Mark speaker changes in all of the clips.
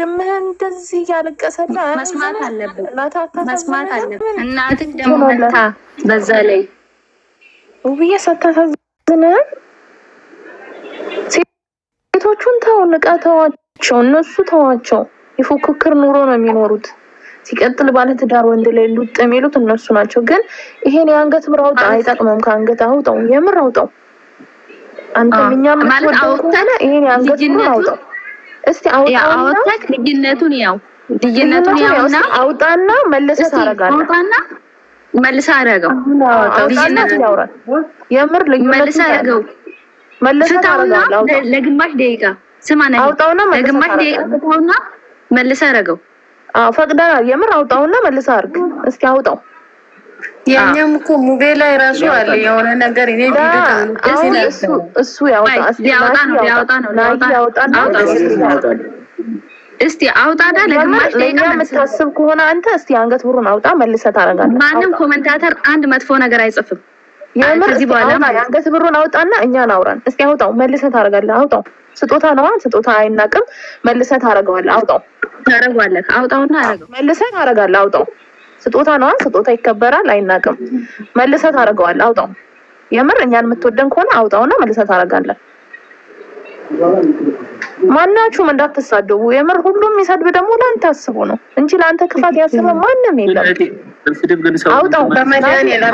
Speaker 1: ድምህ እንደዚህ እያለቀሰና መስማት አለብን መስማት አለብን። እናትህ ደግሞ መታ በዛ ላይ
Speaker 2: ውብዬ ሳታሳዝነ ሴቶቹን ተው፣ ንቃ፣ ተዋቸው። እነሱ ተዋቸው። የፉክክር ኑሮ ነው የሚኖሩት። ሲቀጥል ባለ ትዳር ወንድ ላይ ሉጥ የሚሉት እነሱ ናቸው። ግን ይሄን የአንገት ብር አውጣ፣ አይጠቅመም። ከአንገት አውጣው፣ የምር አውጣው። አንተም እኛም ይሄን የአንገት ብር አውጣው። እስቲ
Speaker 1: አውጣውና ልጅነቱን ያው ልጅነቱን ያውና
Speaker 2: አውጣና መልሰ ታረጋለህ።
Speaker 1: አውጣና መልሰ አረጋው። ልጅነቱን ያውራል። የምር ልጅነቱን መልሰህ አደረገው። መልሰህ ታደርጋለህ። ለግማሽ ደቂቃ ስማ ነኝ። አውጣውና ለግማሽ ደቂቃ አውጣውና መልሰህ አደረገው።
Speaker 2: አዎ ፈቅደናል። የምር አውጣውና መልሰ አርግ። እስቲ አውጣው
Speaker 1: የኛም እኮ ሙቤ ላይ ራሱ አለ የሆነ ነገር እኔ እሱ ያውጣ ነው እስቲ አውጣዳ ለግማሽ ደቂቃ
Speaker 2: የምታስብ ከሆነ አንተ እስቲ አንገት ብሩን አውጣ መልሰህ ታደርጋለህ።
Speaker 1: ማንም ኮመንታተር አንድ መጥፎ ነገር አይጽፍም።
Speaker 2: ከዚህ በኋላ አንገት ብሩን አውጣና እኛን አውራን እስቲ አውጣው፣ መልሰህ ታደርጋለህ። አውጣው፣ ስጦታ ነዋ፣ ስጦታ አይናቅም። መልሰህ ታደርገዋለህ። አውጣው፣
Speaker 1: ታደርገዋለህ። አውጣውና
Speaker 2: መልሰህ ታደርጋለህ። አውጣው ስጦታ ነዋ። ስጦታ ይከበራል፣ አይናቅም። መልሰህ ታደርገዋለህ። አውጣው። የምር እኛን የምትወደን ከሆነ አውጣውና መልሰህ ታደርጋለህ። ማናችሁም እንዳትሳደቡ። የምር ሁሉም የሚሰድብ ደግሞ ለአንተ አስቦ ነው እንጂ ለአንተ ክፋት ያስበ ማንም የለም። አውጣው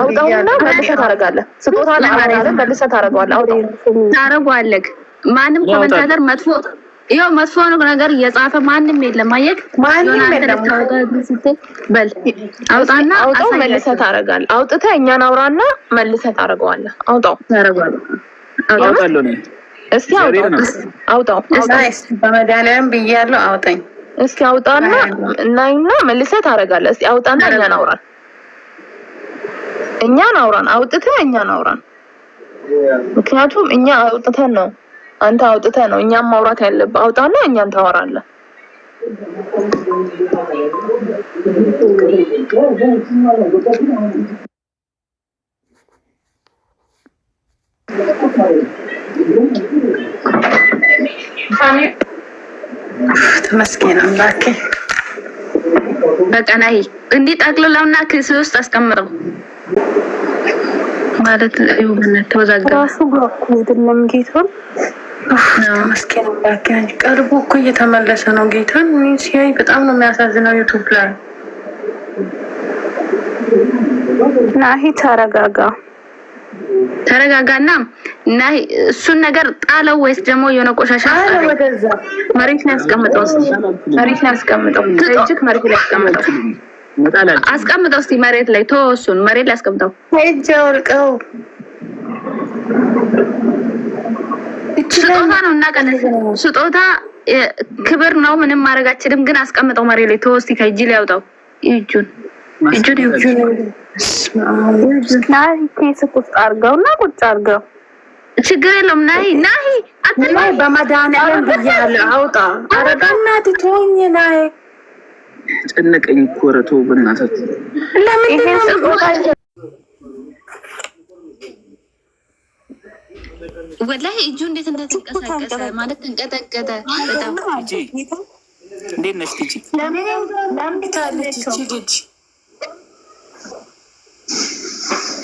Speaker 2: አውጣውና መልሰህ ታደርጋለህ። ስጦታ ነው መልሰህ ታደርገዋለህ። አውጣው
Speaker 1: ታደርገዋለህ። ማንም ኮመንታተር መጥፎ ያው መስዋዕት ነገር እየጻፈ ማንም የለም። አየህ
Speaker 2: ማንም የለም።
Speaker 1: በል አውጣና
Speaker 2: አውጣው መልሰህ ታደርጋለህ። አውጥተህ እኛን አውራና መልሰህ ታደርገዋለህ። አውጣው ታደርገዋለህ። አውጣው እስኪ አውጣው።
Speaker 1: በመድኃኒዓለም ብያለሁ አውጣኝ።
Speaker 2: እስኪ አውጣና እናይና መልሰህ ታደርጋለህ። እስኪ አውጣና እኛን አውራን፣ እኛን አውራን፣ አውጥተህ እኛን አውራን። ምክንያቱም እኛ አውጥተን ነው አንተ አውጥተ ነው እኛም ማውራት ያለብህ። አውጣና እኛን ታወራለህ።
Speaker 1: ተመስገን አምላኬ። በቀና እንዲህ ጠቅልለውና ክስ ውስጥ አስቀምረው ማለት ተወዛገ
Speaker 2: ራሱ ጋር አይደለም ጌቶን
Speaker 1: አስኪባኪ ቀርቦ እኮ እየተመለሰ ነው። ጌታን ሲያይ በጣም ነው የሚያሳዝነው። ዩቱብ ላይ
Speaker 2: ናሂ ተረጋጋ
Speaker 1: ተረጋጋና ናሂ እሱን ነገር ጣለው ወይስ ደግሞ የሆነ ቆሻሻ መሬት ላይ አስቀምጠው፣ መሬት ላይ ያስቀምጠው፣ እጅግ መሬት ላይ ያስቀምጠው፣ አስቀምጠው እስኪ መሬት ላይ ቶ እሱን መሬት ላይ ያስቀምጠው፣
Speaker 2: ሂጅ አውልቀው
Speaker 1: ስጦታ ነው ስጦታ ክብር ነው። ምንም ማድረግ አችልም። ግን አስቀምጠው መሬ ላይ ተወስቲ ከእጅ ላይ ያውጣው። እጁን እጁን እጁን
Speaker 2: አርገው እና ቁጭ አርገው
Speaker 1: ችግር የለውም። ናይ ናይ
Speaker 2: አትላይ በመድኃኒዓለም ብያለሁ አውጣ። ኧረ በእናትህ ተወኝ
Speaker 1: ጨነቀኝ እኮ ኧረ ተው በእናትህ
Speaker 2: ለምንድን ነው
Speaker 1: ወላሂ እጁ እንዴት እንደተንቀሳቀሰ ማለት ተንቀጠቀጠ። በጣም እንዴት ነሽ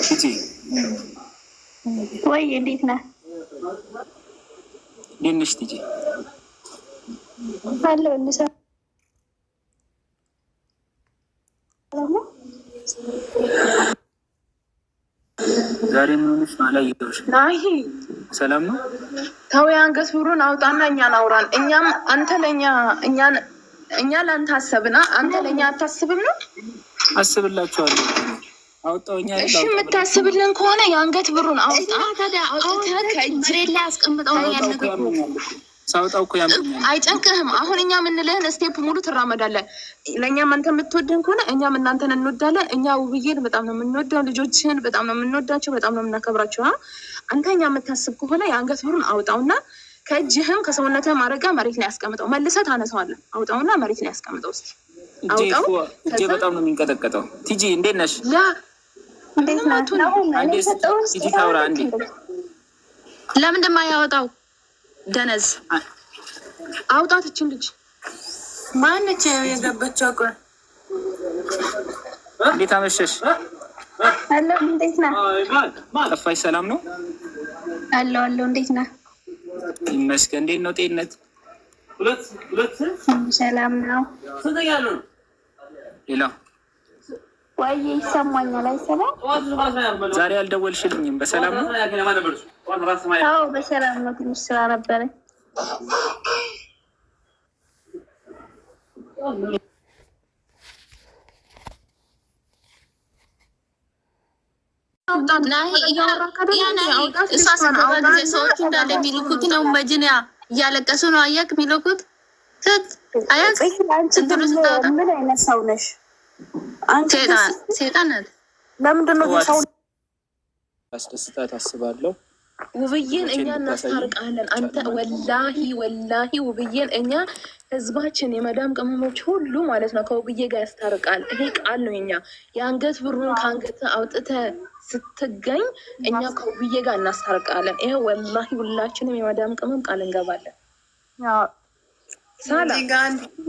Speaker 1: ልጅ?
Speaker 2: ወይ እንዴት ነህ? እንዴት ነሽ ልጅ? አለሁ
Speaker 1: ዛሬ ምን ሆነሽ ነው? አላየሁሽም። ናሂ ሰላም ነው?
Speaker 2: ተው የአንገት ብሩን አውጣና እኛን አውራን። እኛም አንተ ለእኛ እኛን እኛ ለአንተ አሰብና አንተ ለእኛ አታስብም ነው?
Speaker 1: አስብላችኋለሁ። አውጣውኛ።
Speaker 2: እሺ የምታስብልን ከሆነ የአንገት ብሩን አውጣ።
Speaker 1: ታዲያ አውጥተህ ከእጅሬ ላይ አስቀምጠው ያለ ሳውጣው እኮ
Speaker 2: አይጨንቅህም። አሁን እኛ የምንልህን ስቴፕ ሙሉ ትራመዳለህ። ለእኛም አንተ የምትወድን ከሆነ እኛም እናንተን እንወዳለን። እኛ ውብዬን በጣም ነው የምንወደው፣ ልጆችን በጣም ነው የምንወዳቸው፣ በጣም ነው የምናከብራቸው። አንተ እኛ የምታስብ ከሆነ የአንገት ብሩን አውጣውና ከእጅህም ከሰውነት አረጋ መሬት ላይ ያስቀምጠው። መልሰህ ታነሳዋለህ። አውጣውና መሬት ላይ ያስቀምጠው። እስኪ
Speaker 1: አውጣው። በጣም ነው የሚንቀጠቀጠው። ቲጂ እንዴት ነሽ? ለምንድን ነው ያወጣው? ደነዝ አውጣት። እችን ልጅ ማነች የገባችው? ቆይ እንዴት አመሸሽ?
Speaker 2: አለሁ። እንዴት ነህ?
Speaker 1: ጠፋሽ። ሰላም ነው?
Speaker 2: አለሁ አለሁ። እንዴት ነህ?
Speaker 1: ይመስገን። እንዴት ነው ጤንነት?
Speaker 2: ሰላም ነው። ሌላው ወይ ይሰማኛል። አይሰማም።
Speaker 1: ዛሬ አልደወልሽልኝም። በሰላም ነው?
Speaker 2: አዎ በሰላም ነው። ትንሽ ስራ ነበረኝ።
Speaker 1: ሰዎች እንዳለ እያለቀሱ ነው። አይነት ሰው ነሽ? ሴጣን ናት።
Speaker 2: ለምንድን ነው ሰው
Speaker 1: አስደስታት አስባለሁ።
Speaker 2: ውብዬን እኛ እናስታርቃለን። አንተ ወላሂ ወላሂ ውብዬን እኛ ህዝባችን የመዳም ቅመሞች ሁሉ ማለት ነው ከውብዬ ጋር ያስታርቃል። ይሄ ቃል ነው የኛ የአንገት ብሩን ከአንገት አውጥተ ስትገኝ እኛ ከውብዬ ጋር እናስታርቃለን። ይሄ ወላሂ ሁላችንም የመዳም ቅመም ቃል እንገባለን።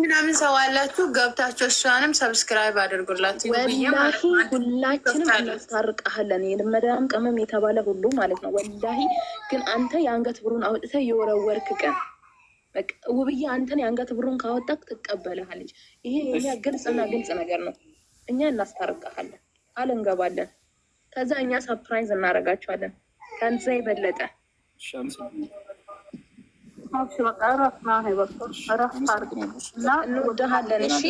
Speaker 1: ምናምን ሰው አላችሁ ገብታችሁ እሷንም ሰብስክራይብ አድርጉላችሁ።
Speaker 2: ወላሂ ሁላችንም እናስታርቃለን። የመዳም ቅመም የተባለ ሁሉ ማለት ነው። ወላሂ ግን አንተ የአንገት ብሩን አውጥተህ የወረወርክ ቀን ውብዬ፣ አንተን የአንገት ብሩን ካወጣህ ትቀበልሃለች። ይሄ የኛ ግልጽና ግልጽ ነገር ነው። እኛ እናስታርቃለን፣ ቃል እንገባለን። ከዛ እኛ ሰፕራይዝ እናደርጋቸዋለን ከዛ የበለጠ እና እንወድሃለን። እሺ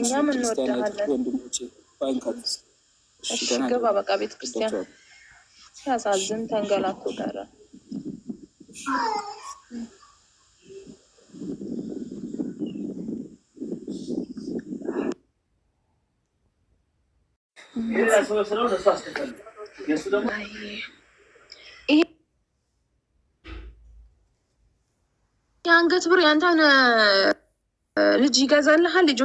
Speaker 2: እኛም እንወድሃለን። ግባ በቃ ቤተክርስቲያን። ሲያሳዝን ተንገላቶ ቀረ። የአንገት ብር ያንተን ልጅ ይገዛልሃል። ልጅ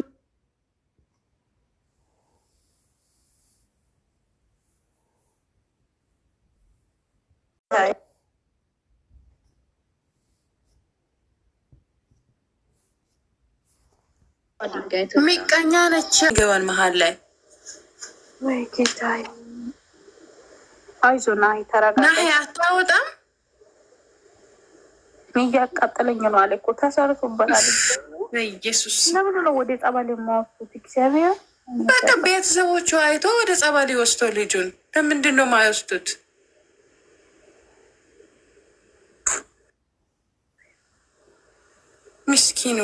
Speaker 1: ሚቀኛ ነች። ገባል መሀል ላይ
Speaker 2: ወይ ጌታ አይዞና ይተረጋ
Speaker 1: ና አታወጣም
Speaker 2: እያቃጠለኝ ነው አለ እኮ ተሰርቶበታል። ኢየሱስ ለምን ነው ወደ ጸበል የማወስዱት? እግዚአብሔር
Speaker 1: በቃ ቤተሰቦቹ አይቶ ወደ ጸበል ወስቶ ልጁን ለምንድን ነው የማይወስዱት? ምስኪኑ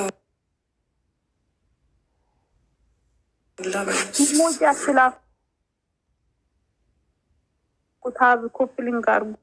Speaker 2: ሞጃ ስላ ኩታብ ኮፕሊንግ አርጉ